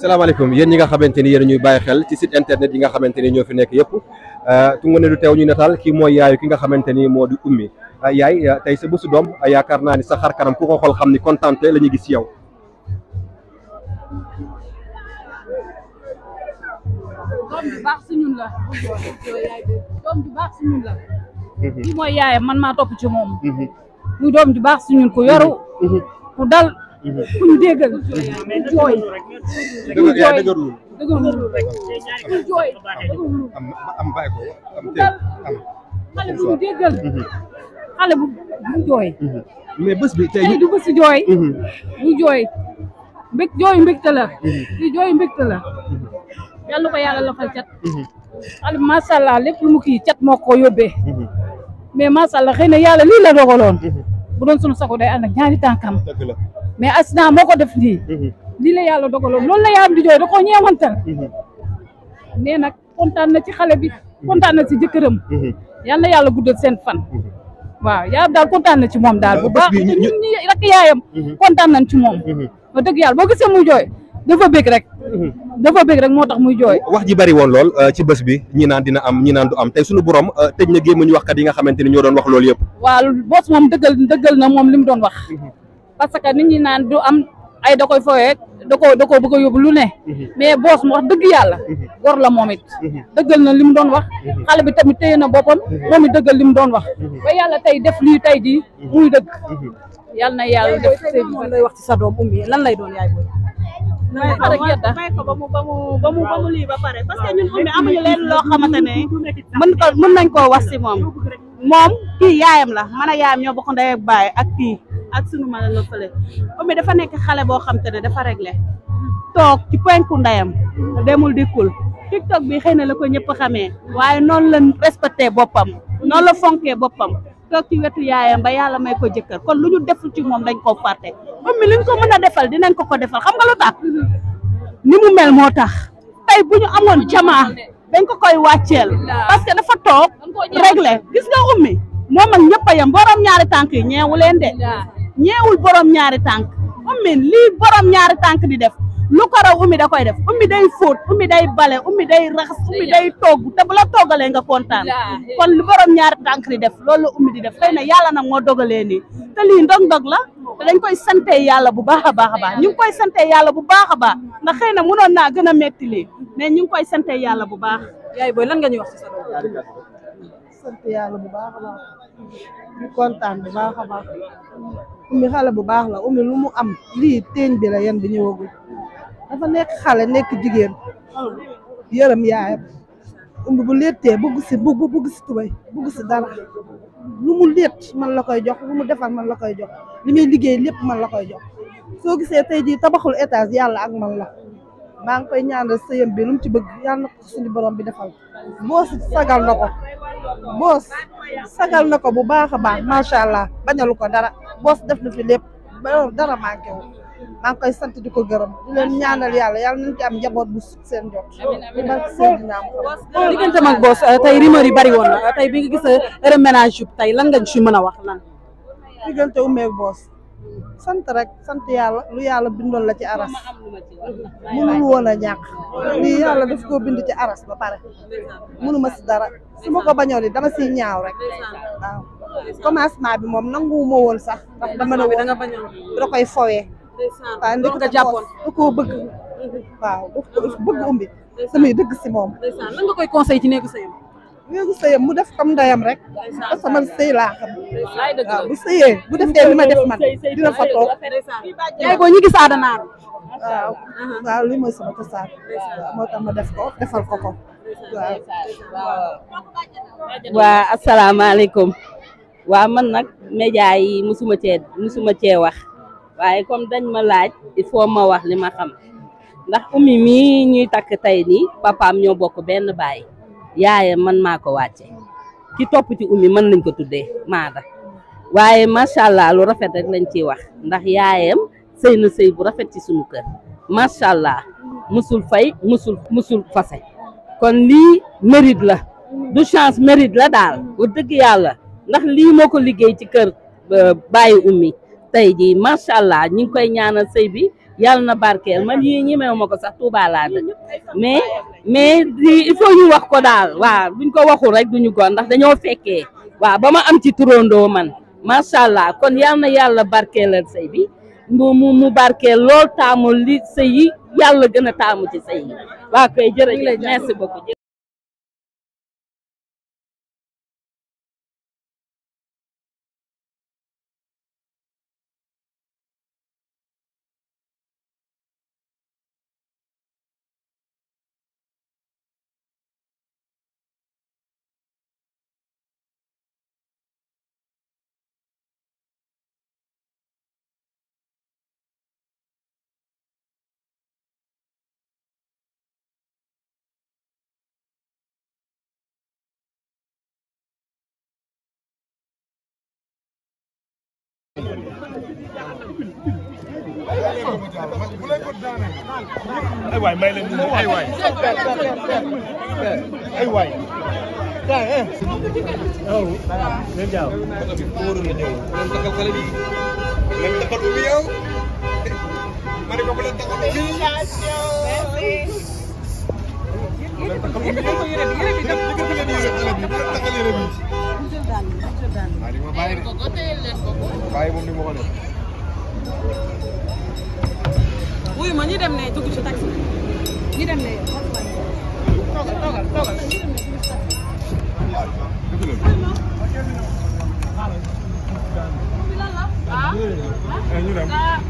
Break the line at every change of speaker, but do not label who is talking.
salaamaaleykum yéen ñi nga xamante ni yéen ñuy bàyyi xel ci site internet yi nga xamante ni ñoo fi nekk yëpp euh, tunga ne du teew ñu nataal kii mooy yaayu ki nga xamante ni moo di ummi euh, yaay euh, tey sa yaakaar naa ni sa xar kanam ku xam ni kontaante la gis ci yow
doom ju baax si ñun mhm. mooy yaayam man maa topp ci moom mhm. muy doom ju baax si ñun ku yoru mhm. ku dal ku ñu déggal ñu jooy ñu jooy dëgërlu jooy am bàyyi ko mm-hmm. jooy
mm-hmm. bi tey
du bésu jooy mm-hmm. ñu jooy mbég jooyu mbégte la di jooyu mbégte la ko yàlla lafal cat xale bi macha allah lépp lu mu kii cat moo ko yóbbee mais macha allah xëy na yàlla lii la dogaloon bu doon sunu sago day ànd ak ñaari tànkam mais accident moo ko def lii. Mhm. lii la yàlla dogaloon loolu la yaayam di jooy da koo ñeewantal. Mhm. mais nag kontaan na ci xale bi kontaan na ci jëkkëram. Mhm. yal na yàlla guddal seen fan. waaw yaayam daal kontaan na ci moom daal bu baax ñun ñi rek yaayam. kontaan nañ ci moom. ba dëgg yàlla boo gisee muy jooy.
dafa bëgg rek. dafa bëgg rek moo tax muy jooy. wax ji bari woon lool euh, ci bés bi ñi naan dina am ñi naan du am tey suñu borom euh, tëj na gémmiñu waxkat yi nga xamante ni ñoo doon wax loolu yëpp.
waaw boos moom dëggal na moom li mu doon wax. parce que nit ñi naan du am ay da koy foyee da koo da yóbbu lu ne mhm. mais boos mu dëgg yàlla mhm. gor la moom it mhm. dëggal na li mu doon wax xale bi tamit téye na boppam moom it dëggal li mu doon wax ba yàlla tey def lii tey jii muy dëgg yàlla na yàlla def lan lay doon yaay booy may
ko ba mu ba mu lii ba pare parce ñun ummi amuñu leen loo xamante ne mën ko mën nañ koo wax si moom moom kii yaayam la man a yaayam ñoo bokk ndey ak baay ak kii ak sunu mala la fële Oumy dafa nekk xale boo xam te ne dafa réglé toog ci penku ndeyam demul dikkul TikTok bi xëy na la ko ñëpp xamee waaye noonu la respecté boppam noonu la fonkee boppam toog ci wetu yaayam ba yàlla may ko jëkkër kon lu ñu deful ci moom dañ koo fàtte Oumy li ñu ko mën a defal dinañ ko ko defal xam nga lu tax ni mu mel moo tax tey bu ñu amoon jamaa dañ ko koy wàcceel parce que dafa toog réglé gis nga Oumy moom ak ñëpp a yem borom tànk yi ñeewu leen ñeewul borom ñaari tànk ummi lii borom ñaari tànk di def lu ko raw ummi da koy def ummi day fóot ummi day bale ummi day raxas ummi day togg te bu la toggalee nga kontaan kon lu borom ñaari tànk di def loolu la ummi di def xëy na yàlla na moo dogalee nii te lii ndog-ndog la te dañ koy sante yàlla bu baax a baax a baax ñu ngi koy sante yàlla bu baax a baax ndax xëy na mënoon naa gën a métti lii mais ñu ngi koy sante yàlla bu baax. yaay booy nga ñuy wax
si sa doom a ñu kontaan bu baax a baax ummi xale bu baax la ummi lu mu am lii teeñ bi la yan bi ñëwagul dafa nekk xale nekk jigéen yërëm yaayam ummi bu lettee bugg si bugg bugg si tubay bugg si dara lu mu man la koy jox lu mu defar man la koy jox li muy liggéey lépp man la koy jox soo gisee tey jii tabaxul étage yàlla ak man la maa ngi koy ñaanal sëyam bi lu mu ci bëgg yàlla na ko borom bi defal boo sagal na ko boos sagal na ko bu baax a baax macha allah bañalu ko dara boos def na fi lépp ba dara manqué wu maa koy sant di ko gërëm di leen ñaanal yàlla yàlla nañu ci am njaboot bu sut seen jot di barke seen ñaam diggante mag boos eh, tey rumeur yi bari woon na tey bi nga gis eh,
reménage yu tey lan nga ci mën a wax
lan diggante umeeg boos sant rek sant yàlla lu yàlla bindoon la ci aras mënul woon a ñàkk lii yàlla daf koo bind ci aras ba pare mënuma si dara si ma ko bañoo li dama siy ñaaw rek waaw commencement bi moom nanguwuma woon sax ndax dama ne woon da koy fowee waaw da jàppoon da koo bëgg waaw bëgg umbi samay dëgg si moom koy conseil ci néegu sëy néegu sëyam mu def comme ndeyam rek parce que man sëy laa xam bu sëyee bu ma def man dina fa toog
ñu gis aadanaar
waaw ma def ko defal ko ko waaw waa asalaamaaleykum
man nag média yi mësuma cee mësuma cee wax waaye comme dañ ma laaj il faut ma wax li ma xam ndax umi mii ñuy takk tey nii papaam ñoo bokk benn baay yaayam man maa ko wàcce ki topp ci ummi mën nañ ko tuddee maada waaye macha allah lu rafet rek lañ ciy wax ndax yaayam sëy na sëy bu rafet ci suñu kër macha allah musul fay musul musul fase kon lii mérite la du chance mérite la daal bu dëgg yàlla ndax lii moo ko liggéey ci kër euh, bàyyi ummi tey jii macha allah ñu ngi koy ñaanal sëy bi yàlla na barkeel man yii ñemewu ko sax Touba laa dëkk mais mais di il faut ñu wax ko daal waaw buñ ko waxul rek ñu ko ndax dañoo fekkee waaw ba ma am ci turandoo man macha allah kon yàlla na yàlla barkeelal sëy bi mu mu mu barkeel lool taamu li sëy yi
yàlla gën a taamu ci sëy yi waaw koy jërëjëf merci beaucoup.
ay waay may leen ay waay ay waay
daa eh aw leen jaaw wóoru la ñëw leen takkal
xale bi leen takkal bi yow ma ne ko bu leen takkal bi leen takkal bi yow yére bi yére bi def ko ko leen yére xale bi bu leen takkal yére bi jël daan jël daan bàyyi
moom ni ma ko def wuyu
ma ñu dem ne
dugg ci taxi ñu dem ne toogal toogal toogal
ah? eh, ñu dem ah.